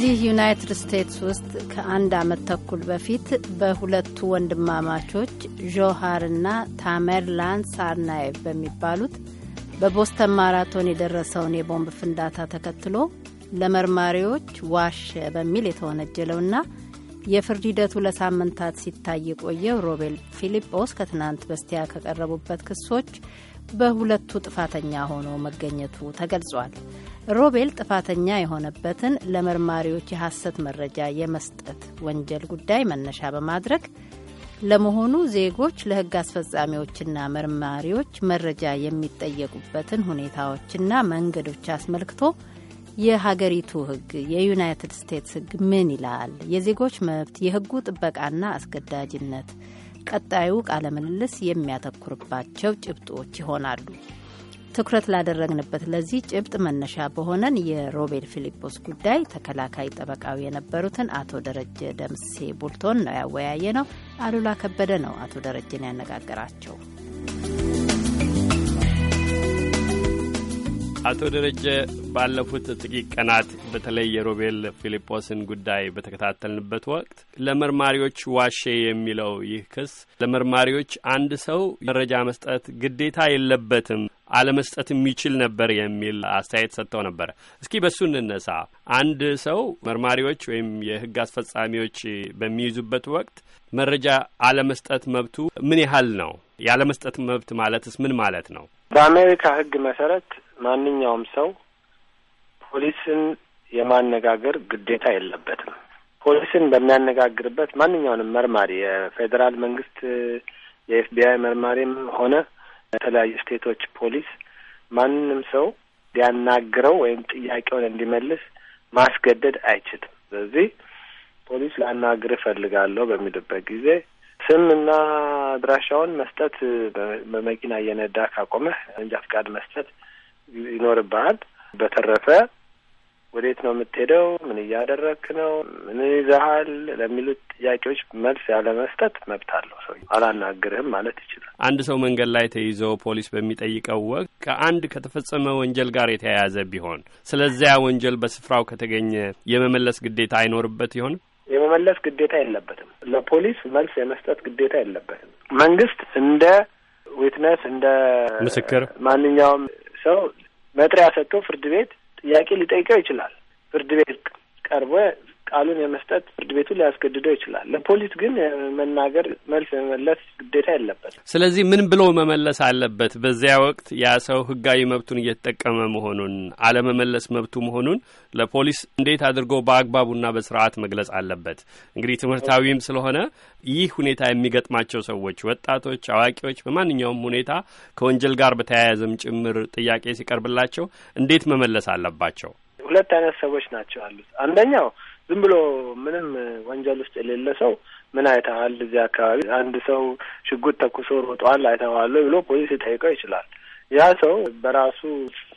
እዚህ ዩናይትድ ስቴትስ ውስጥ ከአንድ ዓመት ተኩል በፊት በሁለቱ ወንድማማቾች ዦሃርና ታሜርላን ሳርናይቭ በሚባሉት በቦስተን ማራቶን የደረሰውን የቦምብ ፍንዳታ ተከትሎ ለመርማሪዎች ዋሸ በሚል የተወነጀለውና የፍርድ ሂደቱ ለሳምንታት ሲታይ የቆየው ሮቤል ፊሊጶስ ከትናንት በስቲያ ከቀረቡበት ክሶች በሁለቱ ጥፋተኛ ሆኖ መገኘቱ ተገልጿል። ሮቤል ጥፋተኛ የሆነበትን ለመርማሪዎች የሐሰት መረጃ የመስጠት ወንጀል ጉዳይ መነሻ በማድረግ ለመሆኑ ዜጎች ለሕግ አስፈጻሚዎችና መርማሪዎች መረጃ የሚጠየቁበትን ሁኔታዎችና መንገዶች አስመልክቶ የሀገሪቱ ሕግ የዩናይትድ ስቴትስ ሕግ ምን ይላል? የዜጎች መብት፣ የሕጉ ጥበቃና አስገዳጅነት ቀጣዩ ቃለ ምልልስ የሚያተኩርባቸው ጭብጦች ይሆናሉ። ትኩረት ላደረግንበት ለዚህ ጭብጥ መነሻ በሆነን የሮቤል ፊሊጶስ ጉዳይ ተከላካይ ጠበቃው የነበሩትን አቶ ደረጀ ደምሴ ቡልቶን ነው ያወያየ ነው። አሉላ ከበደ ነው አቶ ደረጀን ያነጋገራቸው። አቶ ደረጀ ባለፉት ጥቂት ቀናት በተለይ የሮቤል ፊሊጶስን ጉዳይ በተከታተልንበት ወቅት ለመርማሪዎች ዋሼ የሚለው ይህ ክስ ለመርማሪዎች አንድ ሰው መረጃ መስጠት ግዴታ የለበትም አለመስጠት የሚችል ነበር የሚል አስተያየት ሰጥተው ነበር። እስኪ በሱ እንነሳ። አንድ ሰው መርማሪዎች ወይም የህግ አስፈጻሚዎች በሚይዙበት ወቅት መረጃ አለመስጠት መብቱ ምን ያህል ነው? ያለመስጠት መብት ማለትስ ምን ማለት ነው? በአሜሪካ ህግ መሰረት ማንኛውም ሰው ፖሊስን የማነጋገር ግዴታ የለበትም። ፖሊስን በሚያነጋግርበት ማንኛውንም መርማሪ የፌዴራል መንግስት የኤፍቢአይ መርማሪም ሆነ የተለያዩ ስቴቶች ፖሊስ ማንም ሰው ሊያናግረው ወይም ጥያቄውን እንዲመልስ ማስገደድ አይችልም። ስለዚህ ፖሊስ ላናግር እፈልጋለሁ በሚልበት ጊዜ ስምና አድራሻውን መስጠት በመኪና እየነዳ ካቆመህ መንጃ ፍቃድ መስጠት ይኖርብሃል። በተረፈ ወዴት ነው የምትሄደው? ምን እያደረክ ነው? ምን ይዘሃል? ለሚሉት ጥያቄዎች መልስ ያለመስጠት መብት አለው። ሰው አላናግርህም ማለት ይችላል። አንድ ሰው መንገድ ላይ ተይዞ ፖሊስ በሚጠይቀው ወቅት ከአንድ ከተፈጸመ ወንጀል ጋር የተያያዘ ቢሆን ስለዚያ ወንጀል በስፍራው ከተገኘ የመመለስ ግዴታ አይኖርበት ይሆን? የመመለስ ግዴታ የለበትም። ለፖሊስ መልስ የመስጠት ግዴታ የለበትም። መንግስት እንደ ዊትነስ እንደ ምስክር ማንኛውም ሰው መጥሪያ ሰጥቶ ፍርድ ቤት ጥያቄ ሊጠይቀው ይችላል። ፍርድ ቤት ቀርቦ ቃሉን የመስጠት ፍርድ ቤቱ ሊያስገድደው ይችላል። ለፖሊስ ግን መናገር፣ መልስ የመመለስ ግዴታ የለበት። ስለዚህ ምን ብሎ መመለስ አለበት? በዚያ ወቅት ያ ሰው ህጋዊ መብቱን እየተጠቀመ መሆኑን አለመመለስ መብቱ መሆኑን ለፖሊስ እንዴት አድርጎ በአግባቡና በስርዓት መግለጽ አለበት? እንግዲህ ትምህርታዊም ስለሆነ ይህ ሁኔታ የሚገጥማቸው ሰዎች ወጣቶች፣ አዋቂዎች በማንኛውም ሁኔታ ከወንጀል ጋር በተያያዘም ጭምር ጥያቄ ሲቀርብላቸው እንዴት መመለስ አለባቸው? ሁለት አይነት ሰዎች ናቸው አሉት። አንደኛው ዝም ብሎ ምንም ወንጀል ውስጥ የሌለ ሰው ምን አይተሃል፣ እዚህ አካባቢ አንድ ሰው ሽጉጥ ተኩሶ ሮጧል አይተዋለ ብሎ ፖሊስ ሊጠይቀው ይችላል። ያ ሰው በራሱ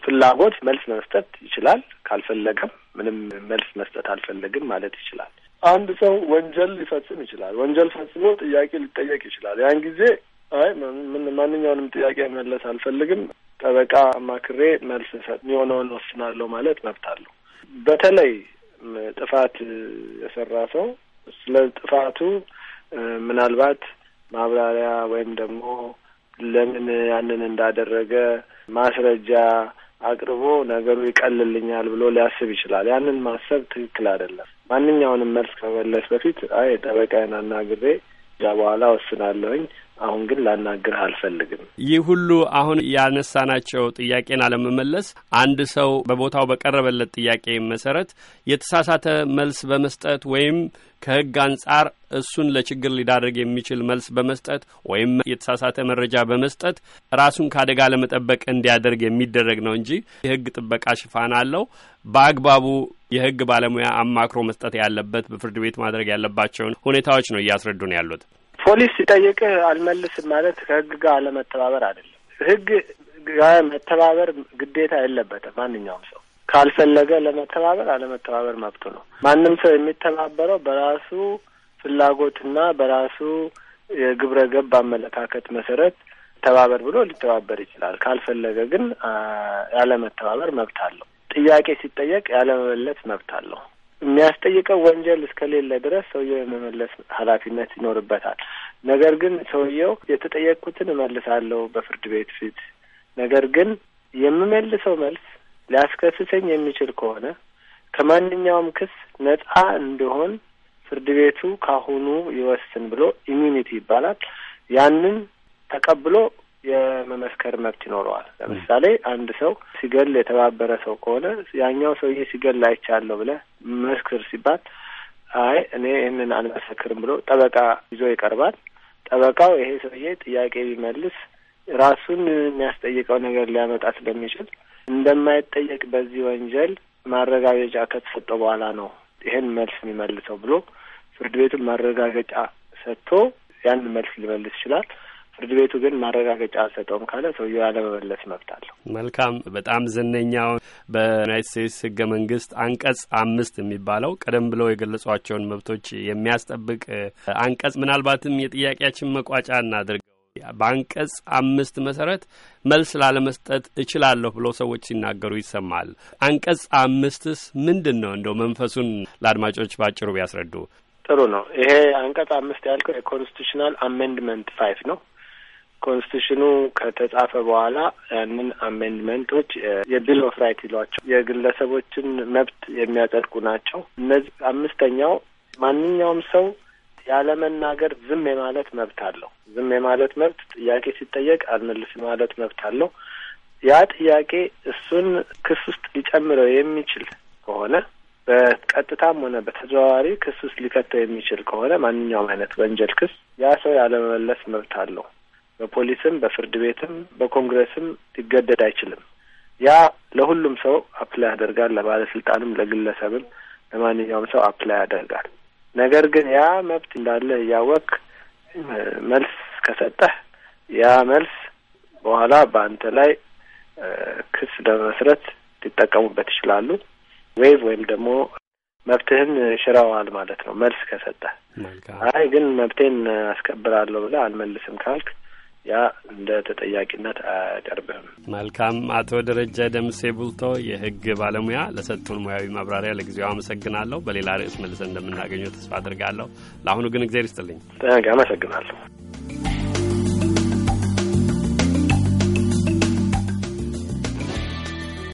ፍላጎት መልስ መስጠት ይችላል። ካልፈለገም ምንም መልስ መስጠት አልፈለግም ማለት ይችላል። አንድ ሰው ወንጀል ሊፈጽም ይችላል። ወንጀል ፈጽሞ ጥያቄ ሊጠየቅ ይችላል። ያን ጊዜ አይ ማንኛውንም ጥያቄ መለስ አልፈልግም፣ ጠበቃ አማክሬ መልስ ሰጥ የሆነውን ወስናለሁ ማለት መብት አለው። በተለይ ጥፋት የሰራ ሰው ስለ ጥፋቱ ምናልባት ማብራሪያ ወይም ደግሞ ለምን ያንን እንዳደረገ ማስረጃ አቅርቦ ነገሩ ይቀልልኛል ብሎ ሊያስብ ይችላል። ያንን ማሰብ ትክክል አይደለም። ማንኛውንም መልስ ከመለስ በፊት አይ ጠበቃዬን አናግሬ እዛ በኋላ ወስናለሁኝ አሁን ግን ላናግርህ አልፈልግም። ይህ ሁሉ አሁን ያነሳናቸው ጥያቄን አለመመለስ አንድ ሰው በቦታው በቀረበለት ጥያቄ መሰረት የተሳሳተ መልስ በመስጠት ወይም ከሕግ አንጻር እሱን ለችግር ሊዳረግ የሚችል መልስ በመስጠት ወይም የተሳሳተ መረጃ በመስጠት ራሱን ከአደጋ ለመጠበቅ እንዲያደርግ የሚደረግ ነው እንጂ የሕግ ጥበቃ ሽፋን አለው። በአግባቡ የሕግ ባለሙያ አማክሮ መስጠት ያለበት፣ በፍርድ ቤት ማድረግ ያለባቸውን ሁኔታዎች ነው እያስረዱን ያሉት። ፖሊስ ሲጠይቅ አልመልስም ማለት ከህግ ጋር አለመተባበር አይደለም። ህግ ጋር መተባበር ግዴታ የለበትም። ማንኛውም ሰው ካልፈለገ ለመተባበር አለመተባበር መብቱ ነው። ማንም ሰው የሚተባበረው በራሱ ፍላጎትና በራሱ የግብረ ገብ አመለካከት መሰረት ተባበር ብሎ ሊተባበር ይችላል። ካልፈለገ ግን ያለመተባበር መብት አለው። ጥያቄ ሲጠየቅ ያለመመለስ መብት አለው። የሚያስጠይቀው ወንጀል እስከሌለ ድረስ ሰውየው የመመለስ ኃላፊነት ይኖርበታል። ነገር ግን ሰውየው የተጠየቅኩትን እመልሳለሁ በፍርድ ቤት ፊት። ነገር ግን የምመልሰው መልስ ሊያስከስሰኝ የሚችል ከሆነ ከማንኛውም ክስ ነጻ እንደሆን ፍርድ ቤቱ ካሁኑ ይወስን ብሎ ኢሚኒቲ ይባላል። ያንን ተቀብሎ የመመስከር መብት ይኖረዋል። ለምሳሌ አንድ ሰው ሲገል የተባበረ ሰው ከሆነ ያኛው ሰው ይሄ ሲገል አይቻለሁ ብለህ መስክር ሲባል አይ እኔ ይህንን አልመሰክርም ብሎ ጠበቃ ይዞ ይቀርባል። ጠበቃው ይሄ ሰውዬ ጥያቄ ቢመልስ ራሱን የሚያስጠይቀው ነገር ሊያመጣ ስለሚችል እንደማይጠየቅ በዚህ ወንጀል ማረጋገጫ ከተሰጠው በኋላ ነው ይሄን መልስ የሚመልሰው ብሎ ፍርድ ቤቱን ማረጋገጫ ሰጥቶ ያንን መልስ ሊመልስ ይችላል። ፍርድ ቤቱ ግን ማረጋገጫ አልሰጠውም ካለ ሰውየው ያለመመለስ መብት አለው። መልካም። በጣም ዝነኛው በዩናይት ስቴትስ ህገ መንግስት አንቀጽ አምስት የሚባለው ቀደም ብለው የገለጿቸውን መብቶች የሚያስጠብቅ አንቀጽ ምናልባትም የጥያቄያችን መቋጫ እናድርግ። በአንቀጽ አምስት መሰረት መልስ ላለመስጠት እችላለሁ ብሎ ሰዎች ሲናገሩ ይሰማል። አንቀጽ አምስትስ ምንድን ነው? እንደው መንፈሱን ለአድማጮች ባጭሩ ቢያስረዱ ጥሩ ነው። ይሄ አንቀጽ አምስት ያልከው የኮንስቲቱሽናል አሜንድመንት ፋይፍ ነው ኮንስቲቱሽኑ ከተጻፈ በኋላ ያንን አሜንድመንቶች የቢል ኦፍ ራይት ይሏቸው የግለሰቦችን መብት የሚያጸድቁ ናቸው። እነዚህ አምስተኛው ማንኛውም ሰው ያለመናገር ዝም የማለት መብት አለው። ዝም የማለት መብት፣ ጥያቄ ሲጠየቅ አልመልስ ማለት መብት አለው። ያ ጥያቄ እሱን ክስ ውስጥ ሊጨምረው የሚችል ከሆነ በቀጥታም ሆነ በተዘዋዋሪ ክስ ውስጥ ሊከተው የሚችል ከሆነ ማንኛውም አይነት ወንጀል ክስ ያ ሰው ያለመመለስ መብት አለው። በፖሊስም በፍርድ ቤትም በኮንግረስም ሊገደድ አይችልም። ያ ለሁሉም ሰው አፕላይ ያደርጋል። ለባለስልጣንም፣ ለግለሰብም፣ ለማንኛውም ሰው አፕላይ ያደርጋል። ነገር ግን ያ መብት እንዳለ እያወቅ መልስ ከሰጠህ ያ መልስ በኋላ በአንተ ላይ ክስ ለመመስረት ሊጠቀሙበት ይችላሉ። ዌይቭ ወይም ደግሞ መብትህን ሽረዋል ማለት ነው መልስ ከሰጠህ። አይ ግን መብቴን አስከብራለሁ ብለህ አልመልስም ካልክ ያ እንደ ተጠያቂነት አያቀርብህም። መልካም። አቶ ደረጀ ደምሴ ቡልቶ የህግ ባለሙያ ለሰጡን ሙያዊ ማብራሪያ ለጊዜው አመሰግናለሁ። በሌላ ርዕስ መልሰን እንደምናገኘው ተስፋ አድርጋለሁ። ለአሁኑ ግን እግዜር ይስጥልኝ። ጠያቂ አመሰግናለሁ።